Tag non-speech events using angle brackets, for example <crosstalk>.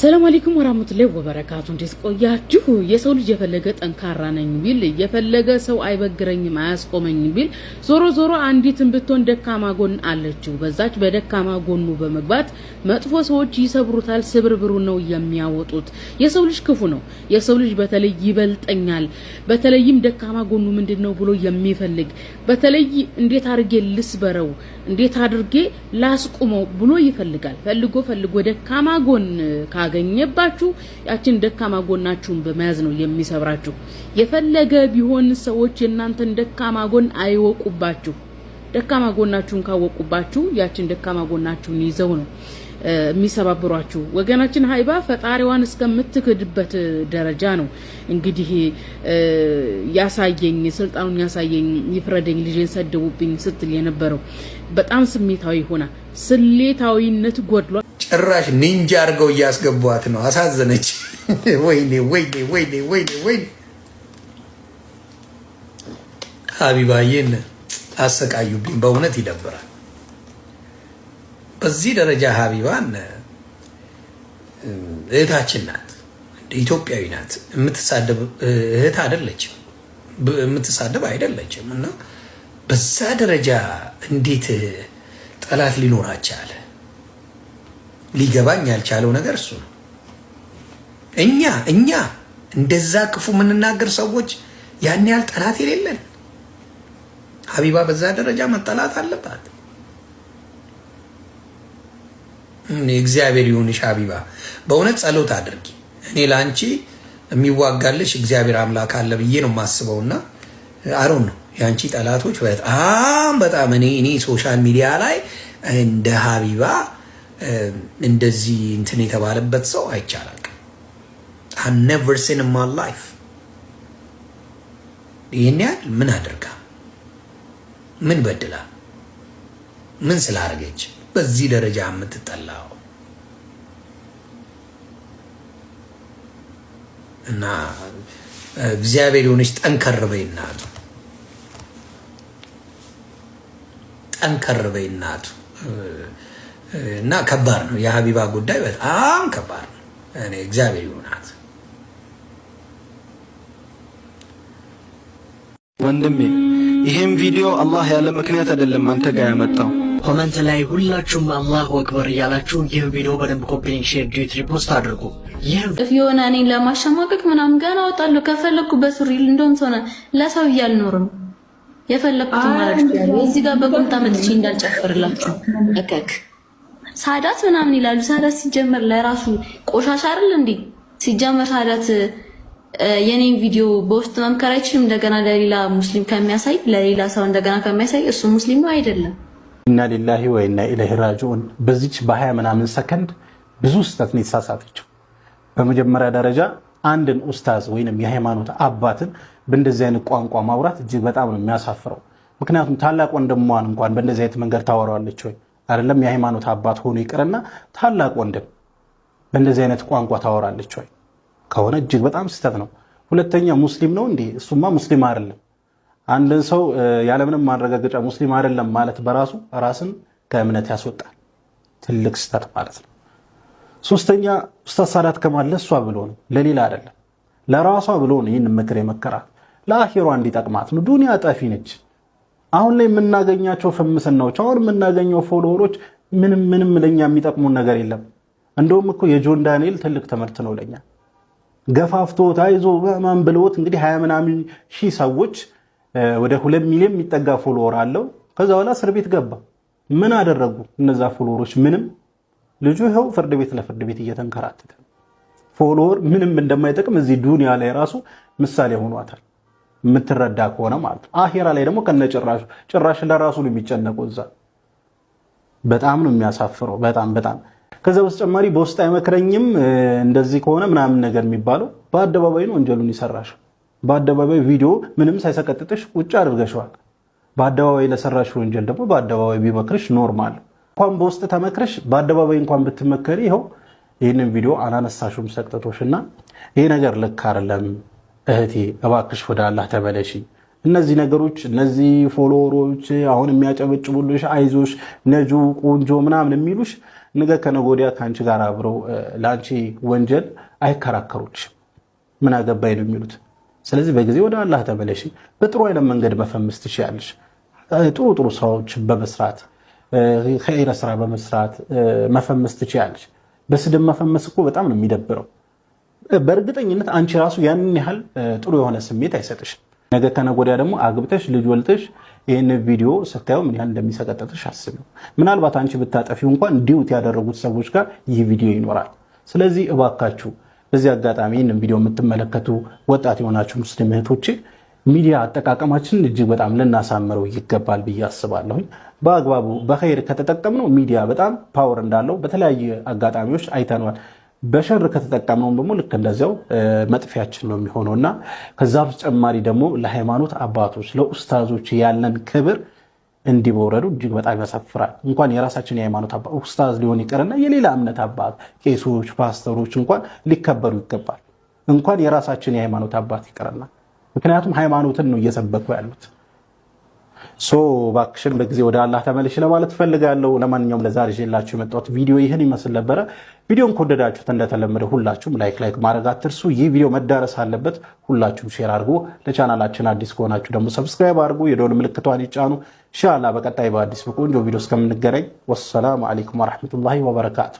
ሰላም አለይኩም ወራህመቱላሂ ወበረካቱ። እንዴት ቆያችሁ? የሰው ልጅ የፈለገ ጠንካራ ነኝ ቢል የፈለገ ሰው አይበግረኝም አያስቆመኝም ቢል ዞሮ ዞሮ አንዲትን ብትሆን ደካማ ጎን አለችው። በዛች በደካማ ጎኑ በመግባት መጥፎ ሰዎች ይሰብሩታል፣ ስብርብሩ ነው የሚያወጡት። የሰው ልጅ ክፉ ነው። የሰው ልጅ በተለይ ይበልጠኛል፣ በተለይም ደካማ ጎኑ ምንድን ነው ብሎ የሚፈልግ በተለይ እንዴት አድርጌ ልስበረው፣ እንዴት አድርጌ ላስቁመው ብሎ ይፈልጋል። ፈልጎ ፈልጎ ደካማ ጎን ካገኘባችሁ ያችን ደካማ ጎናችሁን በመያዝ ነው የሚሰብራችሁ። የፈለገ ቢሆን ሰዎች የእናንተን ደካማ ጎን አይወቁባችሁ። ደካማ ጎናችሁን ካወቁባችሁ ያችን ደካማ ጎናችሁን ይዘው ነው የሚሰባብሯችሁ። ወገናችን ሀይባ ፈጣሪዋን እስከምትክድበት ደረጃ ነው እንግዲህ ያሳየኝ፣ ስልጣኑን ያሳየኝ፣ ይፍረደኝ፣ ልጄን ሰደቡብኝ ስትል የነበረው በጣም ስሜታዊ ሆና ስሌታዊነት ጎድሏል። ጭራሽ ኒንጃ አድርገው እያስገቧት ነው። አሳዘነች። <laughs> ወይኔ ወይኔ ወይኔ ወይኔ ወይኔ ሀቢባዬን አሰቃዩብኝ። በእውነት ይደብራል። በዚህ ደረጃ ሀቢባን እህታችን ናት፣ ኢትዮጵያዊ ናት። የምትሳደብ እህት አይደለችም፣ የምትሳደብ አይደለችም። እና በዛ ደረጃ እንዴት ጠላት ሊኖራቸው አለ? ሊገባኝ ያልቻለው ነገር እሱ ነው። እኛ እኛ እንደዛ ክፉ የምንናገር ሰዎች ያን ያህል ጠላት የሌለን። ሀቢባ በዛ ደረጃ መጠላት አለባት። እግዚአብሔር ይሁንሽ ሀቢባ፣ በእውነት ጸሎት አድርጊ። እኔ ለአንቺ የሚዋጋልሽ እግዚአብሔር አምላክ አለ ብዬ ነው የማስበውና አሮን ነው የአንቺ ጠላቶች በጣም በጣም እኔ እኔ ሶሻል ሚዲያ ላይ እንደ ሀቢባ እንደዚህ እንትን የተባለበት ሰው አይቻላል። ነቨር ሲን ማ ላይፍ ይህን ያህል ምን አድርጋ ምን በድላ ምን ስላደረገች በዚህ ደረጃ የምትጠላው እና እግዚአብሔር የሆነች ጠንከር በይ እናቱ፣ ጠንከር በይ እናቱ። እና ከባድ ነው። የሀቢባ ጉዳይ በጣም ከባድ ነው። እኔ እግዚአብሔር ይሆናት ወንድሜ፣ ይህም ቪዲዮ አላህ ያለ ምክንያት አይደለም አንተ ጋር ያመጣው። ኮመንት ላይ ሁላችሁም አላሁ አክበር እያላችሁ ይህም ቪዲዮ በደንብ ኮፒ፣ ሼር፣ ዲዩት ሪፖስት አድርጉ። ይህ የሆነ እኔን ለማሸማቀቅ ምናምን ገና አወጣለሁ ከፈለግኩ በሱሪ እንደውም ሰሆነ ለሰው እያልኖርም የፈለግኩት ማለት እዚህ ጋር በቁምጣ መጥቼ እንዳልጨፍርላችሁ እከክ ሳዳት ምናምን ይላሉ። ሳዳት ሲጀመር ለራሱ ቆሻሻ አይደል እንዴ? ሲጀመር ሳዳት የኔን ቪዲዮ በውስጥ መምከር አይችልም። እንደገና ለሌላ ሙስሊም ከሚያሳይ ለሌላ ሰው እንደገና ከሚያሳይ እሱ ሙስሊም አይደለም። ኢና ሊላሂ ወኢና ኢለይሂ ራጂዑን። በዚች በሀያ ምናምን ሰከንድ ብዙ ስህተት ነው የተሳሳተችው። በመጀመሪያ ደረጃ አንድን ኡስታዝ ወይንም የሃይማኖት አባትን በእንደዚህ አይነት ቋንቋ ማውራት እጅግ በጣም ነው የሚያሳፍረው። ምክንያቱም ታላቅ ወንድሟን እንኳን በእንደዚህ አይነት መንገድ ታወራዋለች ወይ አይደለም የሃይማኖት አባት ሆኖ ይቅርና ታላቅ ወንድም በእንደዚህ አይነት ቋንቋ ታወራለች ወይ ከሆነ እጅግ በጣም ስህተት ነው። ሁለተኛ ሙስሊም ነው እንዴ? እሱማ ሙስሊም አይደለም። አንድን ሰው ያለምንም ማረጋገጫ ሙስሊም አይደለም ማለት በራሱ ራስን ከእምነት ያስወጣል። ትልቅ ስህተት ማለት ነው። ሶስተኛ ኡስታዝ ሳዳት ከማል ለእሷ ብሎ ነው፣ ለሌላ አይደለም፣ ለራሷ ብሎ ነው ይህን ምክር የመከራት ለአኺሯ እንዲጠቅማት ነው። ዱኒያ ጠፊ ነች። አሁን ላይ የምናገኛቸው ፍምስናዎች፣ አሁን የምናገኘው ፎሎወሮች ምንም ምንም ለኛ የሚጠቅሙን ነገር የለም። እንደውም እኮ የጆን ዳንኤል ትልቅ ትምህርት ነው ለኛ። ገፋፍቶት አይዞ በማን ብለውት እንግዲህ ሀያ ምናምን ሺህ ሰዎች ወደ ሁለት ሚሊዮን የሚጠጋ ፎሎወር አለው። ከዛ በኋላ እስር ቤት ገባ። ምን አደረጉ እነዛ ፎሎወሮች? ምንም። ልጁ ይኸው ፍርድ ቤት ለፍርድ ቤት እየተንከራተተ ፎሎወር ምንም እንደማይጠቅም እዚህ ዱንያ ላይ ራሱ ምሳሌ ሆኗታል። የምትረዳ ከሆነ ማለት ነው። አሄራ ላይ ደግሞ ከነ ጭራሽ ለራሱ ነው የሚጨነቁ እዛ። በጣም ነው የሚያሳፍረው። በጣም በጣም ከዛ በተጨማሪ በውስጥ አይመክረኝም እንደዚህ ከሆነ ምናምን ነገር የሚባለው በአደባባይ ነው ወንጀሉን ይሰራሽ። በአደባባይ ቪዲዮ ምንም ሳይሰቀጥጥሽ ቁጭ አድርገሽዋል። በአደባባይ ለሰራሽ ወንጀል ደግሞ በአደባባይ ቢመክርሽ ኖርማል። እንኳን በውስጥ ተመክረሽ በአደባባይ እንኳን ብትመከሪ ይኸው ይህንን ቪዲዮ አላነሳሽም ሰቅጥቶሽ እና ይሄ ነገር ልክ አይደለም እህቴ እባክሽ ወደ አላህ ተመለሺ። እነዚህ ነገሮች እነዚህ ፎሎወሮች አሁን የሚያጨበጭቡልሽ አይዞሽ፣ ነጁ፣ ቆንጆ ምናምን የሚሉሽ ነገ ከነገ ወዲያ ከአንቺ ጋር አብረው ለአንቺ ወንጀል አይከራከሩች ምን አገባኝ ነው የሚሉት። ስለዚህ በጊዜ ወደ አላህ ተመለሺ። በጥሩ አይነት መንገድ መፈመስ ትችያለሽ። ጥሩ ጥሩ ስራዎች በመስራት ከይረ ስራ በመስራት መፈመስ ትችያለሽ። በስድብ መፈመስ እኮ በጣም ነው የሚደብረው። በእርግጠኝነት አንቺ ራሱ ያንን ያህል ጥሩ የሆነ ስሜት አይሰጥሽም። ነገ ከነገ ወዲያ ደግሞ አግብተሽ ልጅ ወልተሽ ይህን ቪዲዮ ስታየው ምን ያህል እንደሚሰቀጠጥሽ አስቢው። ምናልባት አንቺ ብታጠፊው እንኳን ዲዩት ያደረጉት ሰዎች ጋር ይህ ቪዲዮ ይኖራል። ስለዚህ እባካችሁ በዚህ አጋጣሚ ን ቪዲዮ የምትመለከቱ ወጣት የሆናችሁ ሙስሊም እህቶች ሚዲያ አጠቃቀማችንን እጅግ በጣም ልናሳምረው ይገባል ብዬ አስባለሁኝ። በአግባቡ በኸይር ከተጠቀምነው ሚዲያ በጣም ፓወር እንዳለው በተለያየ አጋጣሚዎች አይተነዋል። በሸር ከተጠቀምነው ደግሞ ልክ እንደዚያው መጥፊያችን ነው የሚሆነው እና ከዛ በተጨማሪ ደግሞ ለሃይማኖት አባቶች ለኡስታዞች ያለን ክብር እንዲበረዱ እጅግ በጣም ያሳፍራል። እንኳን የራሳችን የሃይማኖት አባት ኡስታዝ ሊሆን ይቅርና የሌላ እምነት አባት ቄሶች፣ ፓስተሮች እንኳን ሊከበሩ ይገባል። እንኳን የራሳችን የሃይማኖት አባት ይቅርና ምክንያቱም ሃይማኖትን ነው እየሰበኩ ያሉት። ሶ እባክሽን በጊዜ ወደ አላህ ተመልሽ ለማለት እፈልጋለሁ። ለማንኛውም ለዛሬ ይዤላችሁ የመጣሁት ቪዲዮ ይህን ይመስል ነበረ። ቪዲዮን ከወደዳችሁት እንደተለመደ ሁላችሁም ላይክ ላይክ ማድረግ አትርሱ። ይህ ቪዲዮ መዳረስ አለበት። ሁላችሁም ሼር አድርጉ። ለቻናላችን አዲስ ከሆናችሁ ደግሞ ሰብስክራይብ አድርጉ። የደወል ምልክቷን ይጫኑ። ኢንሻላህ በቀጣይ በአዲስ በቆንጆ ቪዲዮ እስከምንገናኝ ወሰላሙ አሌይኩም ወረሕመቱላሂ ወበረካቱ።